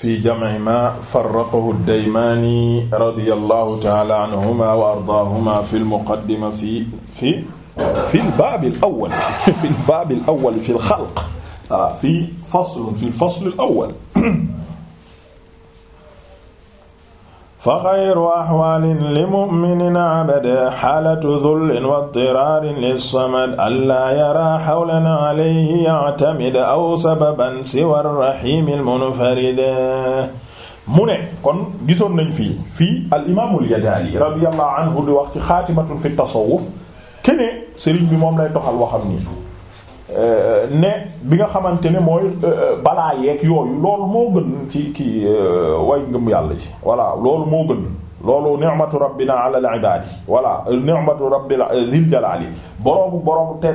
fi jam'i ma farraqahu ad-Daymaani radiyallahu ta'ala anhuma wa ardaahuma fi al-muqaddima fi fi fi al-baab al-awwal fi al-baab al-awwal fi al-khalq fi fasl fi al-fasl al-awwal fa xayru axwaalin li muminin abada xaalatu dullin wa diraarin lissamad allaa yaraa xawlan alayhi yactamid aw sababan siwa raximi lmunfarida mu ne kon gisoon nañ fii fii al imaamu Al-Yadaali radiyallahu anhu di wax ci xaatimatun fi tasawuf kene sëriñ bi moom lay doxal waxam nii Euh, ne bi nga xamante ne mooy euh, euh, balaa yeeg yooyu loolu moo gën ci kii way ngëm yàlla ji voilà loolu moo gën loolu ni'matu rabbina ala al-ibadi voilà ni'matu rabbil zil jalali boroomu boroomu te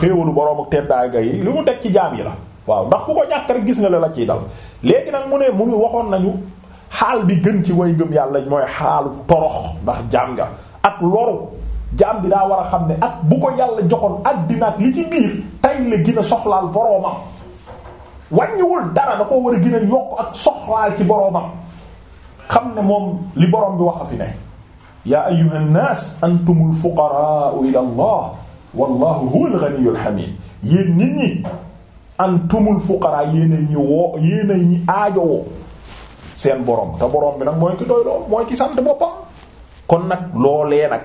xéewalu boroomu teddaay ga yi li mu teg ci jaam yi la waaw ndax ku ko ñàkk gis nga la la ciy dal léegi nag mu ne mu ngi waxoon nañu xaal bi gën ci way ngëm yàlla mooy xaalu torox ndax jaam nga ak loru jaam bi daa war a xam ne ak bu ko yàlla joxoon àddina ak li ci biir tay la gën a soxlaal boroomam wàññiwul dara da ko war a gën a yokk ak soxlaal ci boroomam xam ne moom li boroom bi wax fi ne yaa ayyuha nnaas antumul fuqaraa'u ila allah wallahu huwal ghaniyyul hamid yéen nit ñi antumul fuqaraa yéen a ñi woo yéen a ñi aajowoo seen boroom te boroom bi nag mooy ki doy loo mooy ki sant boppam kon nag loolee nag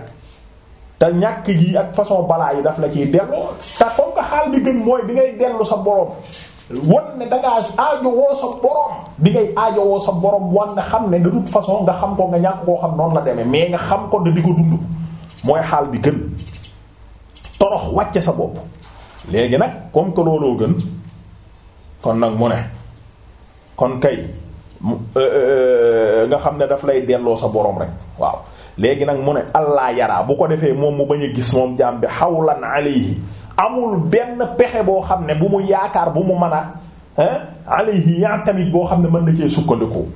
te ñàkk gi ak façon balaa yi daf la ciy delloo te comme que xaal bi gën mooy bi ngay dellu sa borom wan ne da ngaa sa borom bi ngay aajowoo sa borom wan ne xam ne de façon nga xam ko nga ñàkk koo xam noonu la demee nga xam ko da di ko xaal bi gën wàcce sa bopp léegi nag comme que looloo gën kon nag mu ne kon kay euh, euh, euh, nga xam ne daf lay delloo sa boroom rek waaw léegi nag mu ne allah yaraa bu ko defee moom mu bañ a gis moom jaam bi xawlan alayhi amul benn pexe boo xam ne bu mu yaakaar bu mu mën a alayhi yaa tamit boo xam ne mën na cee sukkandiku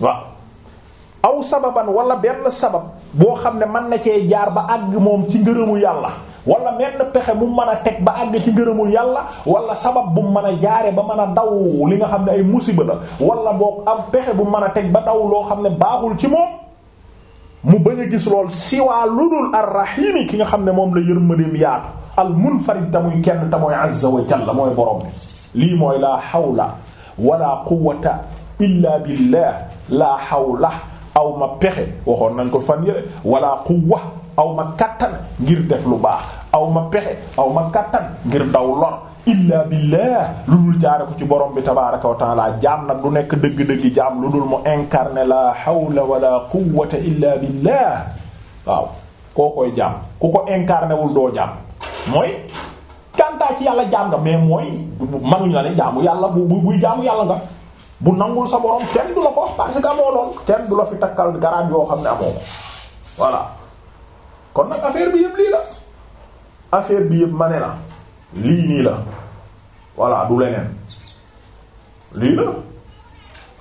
waaw sababan wala benn sabab boo xam ne mën na cee jaar ba àgg moom ci ngërëmu yàlla wala benn pexe bu mën a teg ba àgg ci ngërëmu yàlla wala sabab bu mën a jaare ba mën a daw li nga xam ne ay musiba la wala boo am pexe bu mën a teg ba daw loo xam ne baaxul ci moom mu bañ a gis lool siwaa ludul arrahimi ki nga xam ne moom la yërmandeem yaatu al munfarid tamuy kenn te mooy azza wa jalla mooy borom bi lii mooy laa hawla wala quwwata illa billah laa hawla aw ma pexe waxoon nañ ko fan yële wala quwwa aw ma kattan ngir def lu baax aw ma pexe aw ma kattan ngir daw lor illa billah lu dul jaare ko ci borom bi tabaraka wa taala jaam nag du nekk dëgg-dëgg jaam lu dul mu incarné la hawla wala quwwata illa billah waaw koo koy jaam ku ko incarné wul doo jaam mooy kantaa ci yàlla jaam nga mais mooy manuñ la ne jaamu yàlla bu buy jaamu yàlla nga bu nangul sa borom kenn du la ko parce que amoo lool kenn du la fi takkal garab yoo xam ne amoo ko voilà kon nag affaire bi yëpp lii la affaire bi yëpp ma ne la lii nii la voilà du leneen lii la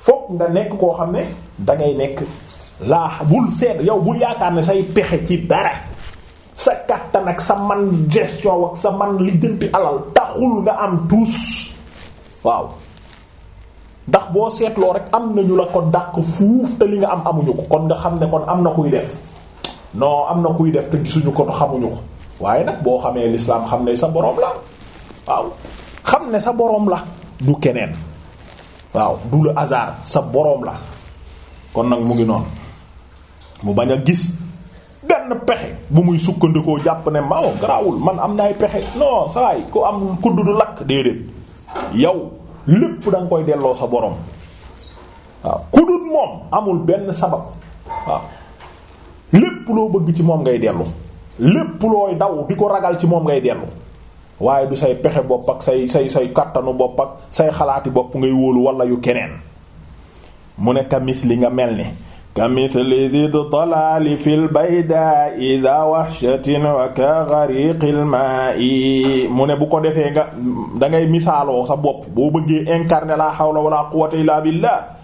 fokk nga nekk koo xam ne dangay nekk laa bul seet yow bul yaakaar ne say pexe ci dara sa kattan ak sa man gestion ak sa man am tuus waaw ndax boo seetloo rek am nañu la ko dàq fuuf te li nga am amuñu ko kon nga xam ne kon am na kuy def non am na kuy def te gisuñu ko xamuñu ko waaye nag boo xamee l'islam xam ne sa boroom la waaw xam ne sa boroom la du keneen waaw du le hasard sa boroom la kon nag mu ngi noonu mu bañ a gis benn pexe bu muy sukkandikoo jàpp ne maaw garaawul man am na ay pexe non saay ku am kudd du lakk déedéet yow lépp da koy delloo sa boroom waaw kudut moom amul benn sabab waaw loo bëgg ci moom ngay dellu lépp looy daw di ko ragal ci moom ngay dellu waaye du say pexe bopp ak say say say kattanu bopp ak say xalaati bopp ngay wóolu walla yu keneen mu ne kamis li nga mel ni kamis li zid talaali fil bayda ida wahshatin wa ka ghariqil ma'i mu ne bu ko defee nga dangay misaaloo sa bopp boo bëggee incarner la hawla wala quwwata illa billah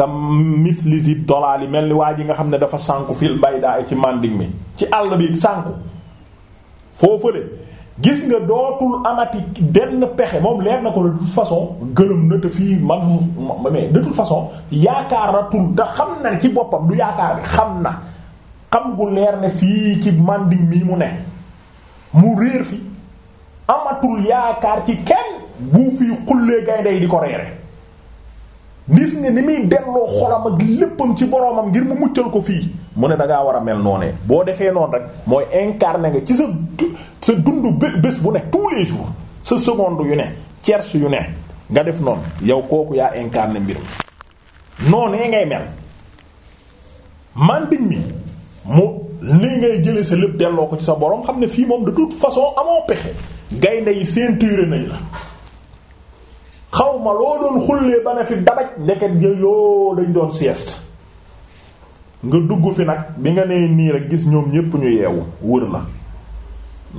kam misliti dolaali mel ni waa ji nga xam ne dafa sànku fil baydaa ci manding mi ci àll bi sànku foofale gis nga dootul amati benn pexe moom leer na ko de façon gërëm na te fii man mais de toute façon yaakaaratul te xam na ci boppam du yaakaar bi xam na xam gu leer ne fii ci manding mi mu ne mu réer fi amatul yaakaar ci kenn bu fii xullee gaynde yi di ko reere gis nga ni muy delloo xolam ak léppam ci boroomam ngir mu muccal ko fii mu ne da war a mel noonee boo defee noonu rek mooy incarné nga ci sa sa dund bés bu ne tous les jours sa seconde yu ne tierce yu ne nga def noonu yow kooku yaa incarné mbir mi noonee ngay mel mandiñ mi mu li ngay jële sa lépp delloo ko ci sa boroom xam ne fii moom de toute façon amoo pexe gaynde yi ceinture nañ la xawma loo doon xullee ba ne fi dabaj ndeket yoo dañ doon sieste nga dugg fi nag bi nga nee nii rek gis ñoom ñépp ñu yeewu wër la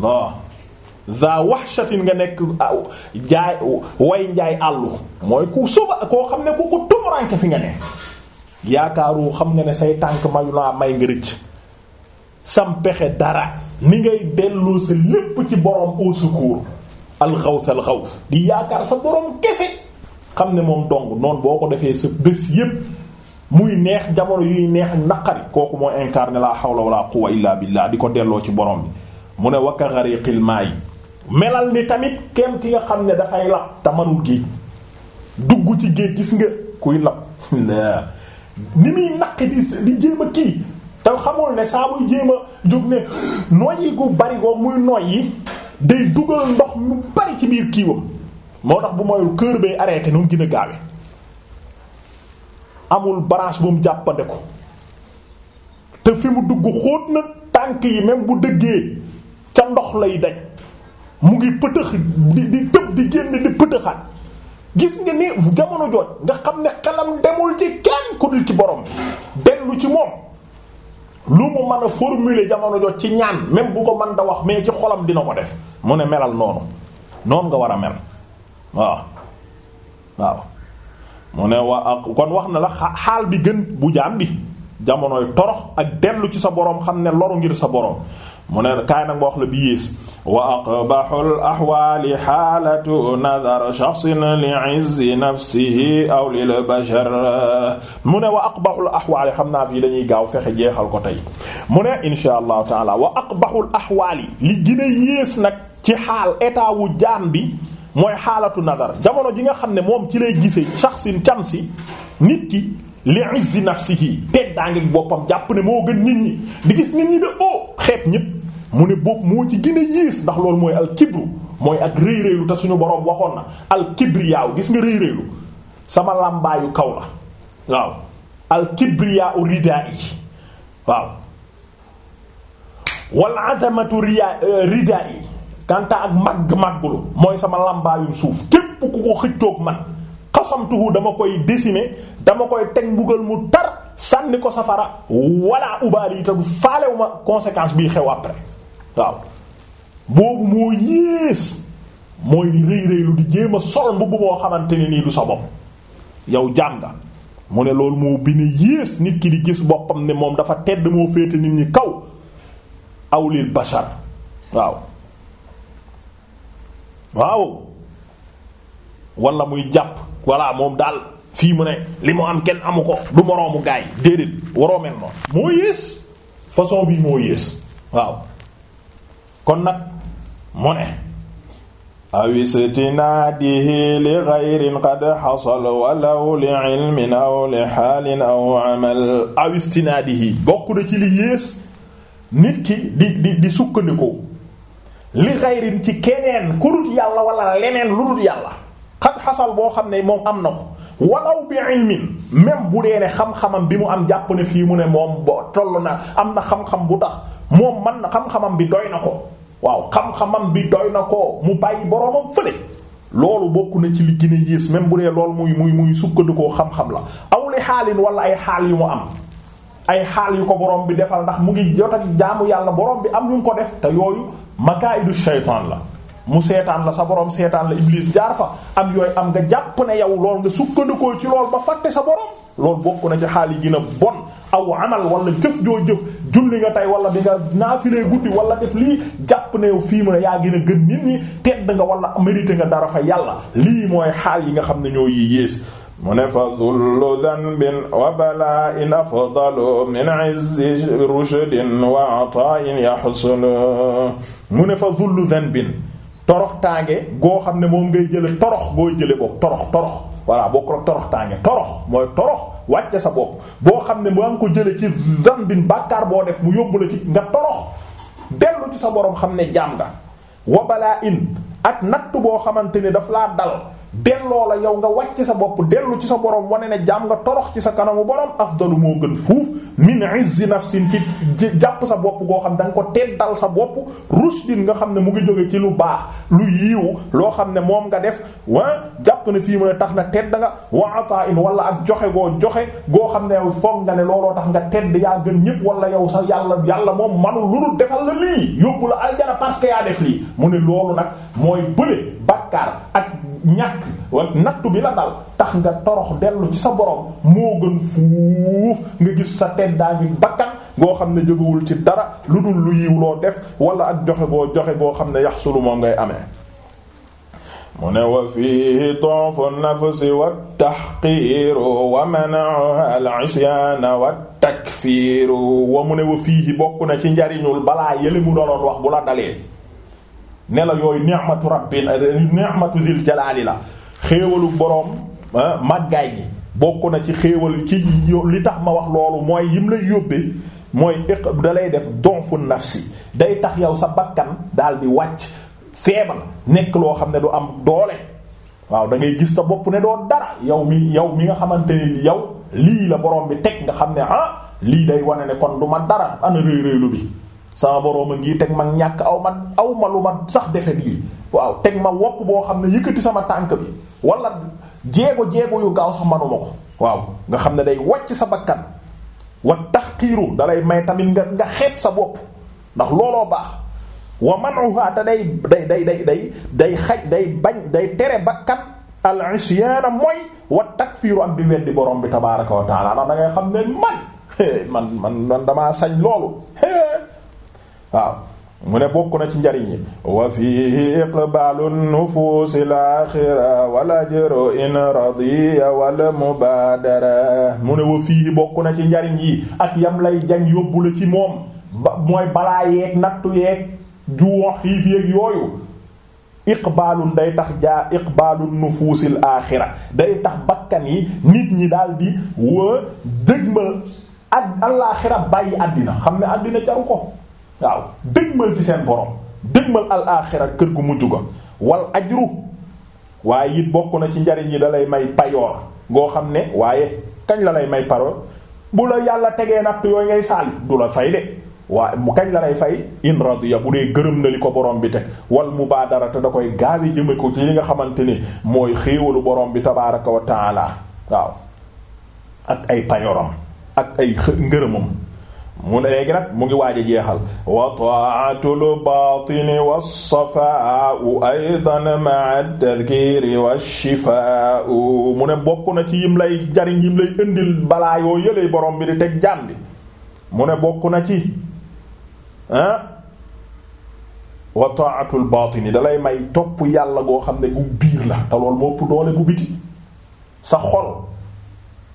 waaw za wahshatin nga nekk jaay way njaay àllu mooy ku suba koo xam ne ku ko tumuranke fi nga ne yaakaaru xam nga ne say tànk mayu laa may nga rëcc sam pexe dara ni ngay delloo sa lépp ci borom au secours al ghaws al di yaakaar sa borom kese xam ne moom dong noonu boo ko defee sa bés yépp muy neex jamono yuy neex ak naqari kooku moo incarné la hawla wala quwwa illa di ko delloo ci borom bi mu ne wakka xariqil maa yi melal ni tamit kenn ki nga xam ne dafay lab te manul dugg ci géej gis nga kuy lab ni muy naqi di di jéem kii te xamul ne saa muy jéem a jóg ne noyyi gu bari goo muy noyyi day dugal ndox mu bari ci biir kiiwam moo tax bu moyul kër bay arrêté nu mu gën a gaawe amul branche bu mu jàppande ko te fi mu dugg xóot na tànk yi même bu dëggee ca ndox lay daj mu ngi pëtëx di di tëb di génn di pëtëxaat gis nga ni jamono jooj nga xam ne xelam demul ci kenn ku dul ci borom dellu ci moom lu mu mën a formuler jamono jooj ci ñaan même bu ko mën da wax mais ci xolam dina ko def mu ne melal noonu noonu nga war a mel waaw mu ne wa kon wax na la xaal bi gën bu jaam bi jamonoy torox ak dellu ci sa boroom xam ne loru ngir sa boroom mu ne kaay nag ma wax la bi yées wa aqbaxul axwaali ne wa aqbaxul axwaali xam naa fii lañuy gaaw fexe jeexal ko tey mu ne insha allahu wa aqbaxul axwaali li gën a yées nag ci xaal état wu bi mooy xaalatu nadar jamono ji nga xam ne moom ci lay gisee shaxsin cam si nit ki li izzi nafsihi teddaa ngi boppam jàpp ne moo gën nit ñi di gis nit ñi de oh xeet ñëpp mu ne bopp moo ci gën a ndax loolu mooy al kibru mooy ak rëy rëylu te suñu borom waxoon na al kibriyaaw gis nga rëy rëylu sama làmbaayu kaw la waaw al kibriyaaw ridaa yi waaw wal azamatu riyaa ridaa yi kanta ak màgg-màggulu mooy sama lambaayum suuf képp ku ko xëccoog man xasamtuhu dama koy décimer dama koy teg mbugal mu tar sànni ko safara wala ubaal yi te du conséquence bii xew après waaw boobu moo yées mooy di rëy rëylu di jéem sol mbubb moo xamante ne nii du sa bopp yow jaam nga mu ne loolu moo bine yées nit ki di gis boppam ne moom dafa tedd moo féete nit ñi kaw awlil bashar waaw waaw wala muy jàpp walla moom daal fii mu ne li mu am kenn amu ko du moroomu gaay déedéet waroo noonu moo yées façon bi moo yées waaw kon nag mu ne awistinaadihi li gayrin qad xasal walaw li ilmin aw li xaalin aw amal awistinaadihi bokk na ci li yées nit ki di di di sukkandiku li xayrin ci keneen ku yàlla walla leneen lu dut yàlla xat xasal boo xam ne moom am na ko walaw bi ilmin même bu dee ne xam-xamam bi mu am jàpp ne fii mu ne moom boo toll na am na xam-xam bu tax moom man na xam-xamam bi doy na ko waaw xam-xamam bi doy na ko mu bàyyi boroomam fële loolu bokk na ci li gën yées même bu dee lool muy muy muy sukkandikoo xam-xam la aw li xaalin wala ay xaal yu mu am ay xaal yu ko borom bi defal ndax mu ngi jot ak jaamu yàlla borom bi am lu ko def te yooyu makaayidu shaytaan la mu seetaan la sa borom seetaan la iblis jaar fa am yooyu am nga jàpp ne yow lool nga sukkandikoo ci lool ba fàtte sa borom loolu bokk na ci xaal yi gën a bon aw amal wala jëf joo jëf julli nga tey wala bi nga naafilee guddi wala def lii jàpp ne yow fii mu ne yaa gën a gën nit ñi tedd nga wala mérité nga dara fa yàlla lii mooy xaal yi nga xam ne ñoo yi yées mu ne fa zullu danbin wa balaa in afdalu min izzi rushdin wa ata'in yahsulu mu ne fa zullu danbin torox tànge goo xam ne moom ngay jële torox gooy jële bopp torox torox voilà boo ko torox tànge torox mooy torox wàcce sa bopp boo xam ne maa ngi ko jële ci danbin bàkkaar boo def mu yóbbu la ci nga torox dellu ci sa borom xam ne jaam nga wa balaa in ak natt boo xamante ni daf laa dal delloo la yow nga wàcc sa bopp dellu ci sa borom wane ne jaam nga torox ci sa kanamu borom afdalu moo gën fuuf min izzi nafsin ci jàpp sa bopp goo xam ne nga ko teddal sa bopp rushdin nga xam ne mu ngi jóge ci lu baax lu yiiw loo xam ne moom nga def wa jàpp ne fii mu ne tax na tedd nga wa ata'in wala ak joxe goo joxe goo xam ne yow foog nga ne looloo tax nga tedd yaa gën ñëpp wala yow sa yàlla yàlla moom manul lu dul defal la lii yóbbu la aljana parce que yaa def lii mu ne loolu nag mooy bële bàkkaar ak ñàkk wa nattu bi la dal tax nga torox dellu ci sa borom moo gën fuuf nga gis sa teddaa ngi bakkan goo xam ne jógewul ci dara lu dul lu yiw loo def wala ak joxe goo joxe goo xam ne yaxsulu moom ngay amee mu ne wa fiihi donfu nafsi wa tahqiiru wa man'uha al-isyaana mu ne wa fiihi bokk na ci njariñul balaa yële mu doon wax bu la dalee ne la yooyu ni'matu rabbi ni'matu zil jalaali la xéewalu boroom ah, màggaay gi bokk na ci xéewal ci li tax ma wax loolu mooy yim lay yóbbee mooy iq da lay def donfu nafsi day tax yow sa bakkan daal di wàcc feebar nekk loo xam ne du am doole waaw da ngay gis sa bopp ne doo dara yow mi yow mi nga xamante ni yow lii la borom bi teg nga xam ne ah lii day wane ne kon du ma dara ana réy réylu bi sama boroom a ngi teg ma ñàkk aw ma aw ma lu ma sax defe bii waaw teg ma wopp boo xam ne yëkkati sama tànk bi wala jeego jeego yu gaaw sax manuma ko waaw nga xam ne day wàcc sa bakkan wa tahqiiru dalay may tamit nga nga xeeb sa bopp ndax looloo baax wa manuha te day day day day day day xaj day bañ day tere bakkan al isyaana mooy wa takfiiru ak di weddi borom bi tabaaraka wa taala ndax da xam ne man man man man damaa sañ loolu waaw mu ne bokk na ci njariñ yi wa fihi iqbalu nufuusi laaxira wal ajru in radiya wal mu ne wa fihi bokk na ci njariñ yi ak yam lay jañ yóbbu la ci moom ba mooy balaa yeeg nattu yeeg juwo xiif yeeg yooyu iqbaalun day tax jaa iqbaalun nufuusil aaxira day tax bakkan yi nit ñi daal di wa dëgma ak allaaxira bàyyi àddina xam ne àddina jaru ko waaw dëgmal ci seen borom dëgmal al kër gu mujj ga wal ajru waaye it bokk na ci njariñ yi da lay may payoor ngoo xam ne waaye kañ la lay may payoor bu la yàlla tegee natt yooyu ngay saali du la fay de waaye mu kañ la lay fay in radiya bu dee gërëm na li ko borom bi teg wal mubaadara te da koy gaawi jëme ko ci li nga xamante ni mooy xéewalu borom bi tabaaraka wa taala waaw ak ay payoram ak ay ngërëmam mu ne léegi nag mu ngi waaj a jeexal wa ta'atul batini was-safa'u aydan ma'a tadhkiri wash-shifa'u mu ne bokk na ci yim lay jariñ yim lay indil balaa yoo yëlee borom bi di teg jàmm bi mu ne bokk na ci ah wa ta'atul batini dalay may topp yàlla goo xam ne gu biir la te loolu doole gu biti sa xol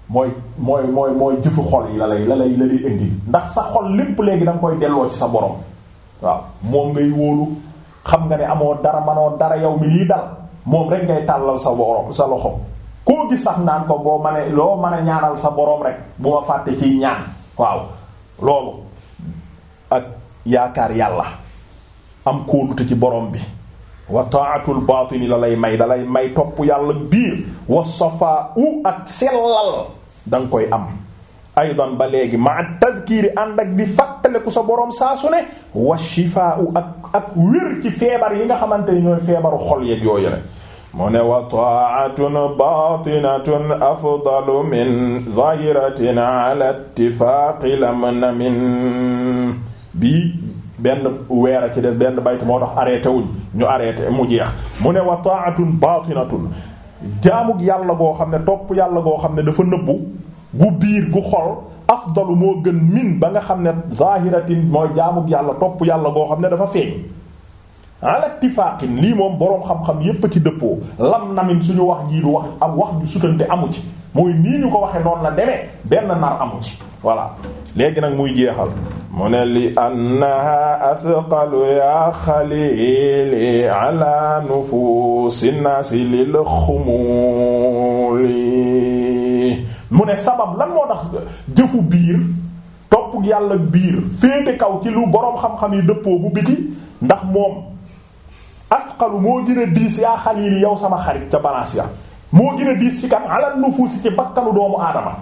mooy mooy mooy mooy jëfu xol yi la lay la lay la lay indi ndax sa xol lépp léegi da koy delloo ci sa borom waaw moom ngay wóolu xam nga ni amoo dara manoo dara yow mi lii dal moom rek ngay tàllal sa borom sa loxo koo gis sax naan ko boo mane loo mën a ñaanal sa boroom rek bu ma fàttee ciy ñaan waaw loolu ak yaakaar yàlla am kóolute ci boroom bi wa taatul baatili la lay may da lay may topp yàlla biir wa safaa u ak sellal da koy am aydan ba léegi ma tadkiiri ànd ak di fàttaliku sa borom saa su ne wa shifaa ak ak wér ci feebar yi nga xamante ni ñooy feebaru xol yeeg yooyu ne mu ne wa taatun batinatun afdalu min zahiratin ala ittifaaqi lam na min bii benn weer ci des benn bayt moo tax arrêté wuñ ñu arrêté mu jeex mu ne wa ta'atun batinatun jaamug yàlla goo xam ne topp yàlla goo xam ne dafa nëbbu gu biir gu xol afdalu moo gën min ba xam ne zahiratin mooy jaamug yàlla topp yàlla goo xam ne dafa feeñ ala tifaqin lii moom boroom xam-xam yépp a ci dëppoo lam namin suñu wax jii du wax am wax ju sutante amu ci mooy nii ñu ko waxee noonu la demee benn nar amu ci voilà léegi nag muy jeexal mu ne li annaha athqalu ya xalili ala nufusi nnaasi xumuli mu ne sabab lan moo tax jëfu biir topp yàlla biir féete kaw ci lu boroom xam-xam yi dëppoo bu biti ndax moom afqalu moo gën a diis yaa xalili yow sama xarit ca balance ya moo gën a diis ci kan ala nufusi ci bakkalu doomu aadama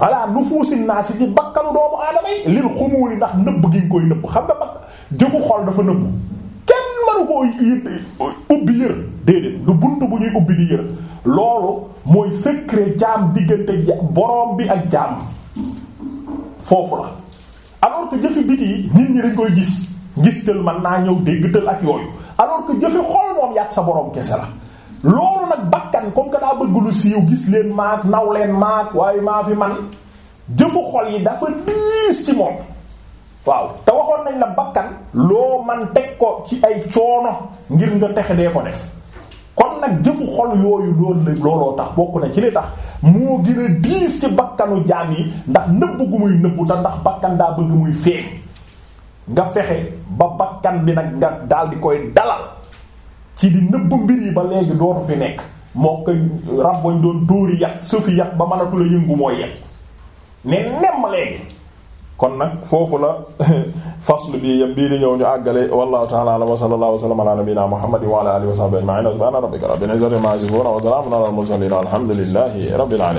ala nufuusin naa si ci bakkanu doomu aadama yi lil xumuuli ndax nëbb gi nga koy nëbb xam nga bakk jëfu xol dafa nëbb kenn mënu koo ubbi yër déedéet du bunt bu ñuy ubbi di yër loolu mooy secret jaam diggante boroom bi ak jaam foofu la alors que jëfi biti yi nit ñi dañ koy gis gis tël man naa ñëw dégg tël ak yooyu alors que jëfi xol moom yàgg sa boroom kese la loolu nag bakkan comme que daa bëgg lu siiw gis leen maak naw leen maak waaye maa fi man jëfu xol yi dafa diis ci moom waaw te waxoon nañ la bakkan loo man teg ko ci ay coono ngir nga texe dee ko def kon nag jëfu xol yooyu doon la looloo tax bokk na ci li tax moo gën a diis ci bakkanu jaam yi ndax nëbb gu muy nëbbu te ndax bakkan daa bëgg muy feeñ nga fexe ba bakkan bi nag nga daal di koy dalal ci di nëbb mbir yi ba léegi dootu fi nekk moo koy rab bañ doon dóori yat sufi yat ba mënatu la yëngu mooy yet ne nemm léegi kon nag foofu la faslu bi yam bii di ñëw ñu àggale wallahu ta'ala wa sallallahu wa sallama ala nabiyyina muhammadin wa ala alihi wa sahbihi ajma'in subhana rabbika rabbil izzati amma yasifun wa salamun ala al mursalin alhamdulillahi rabbil alamin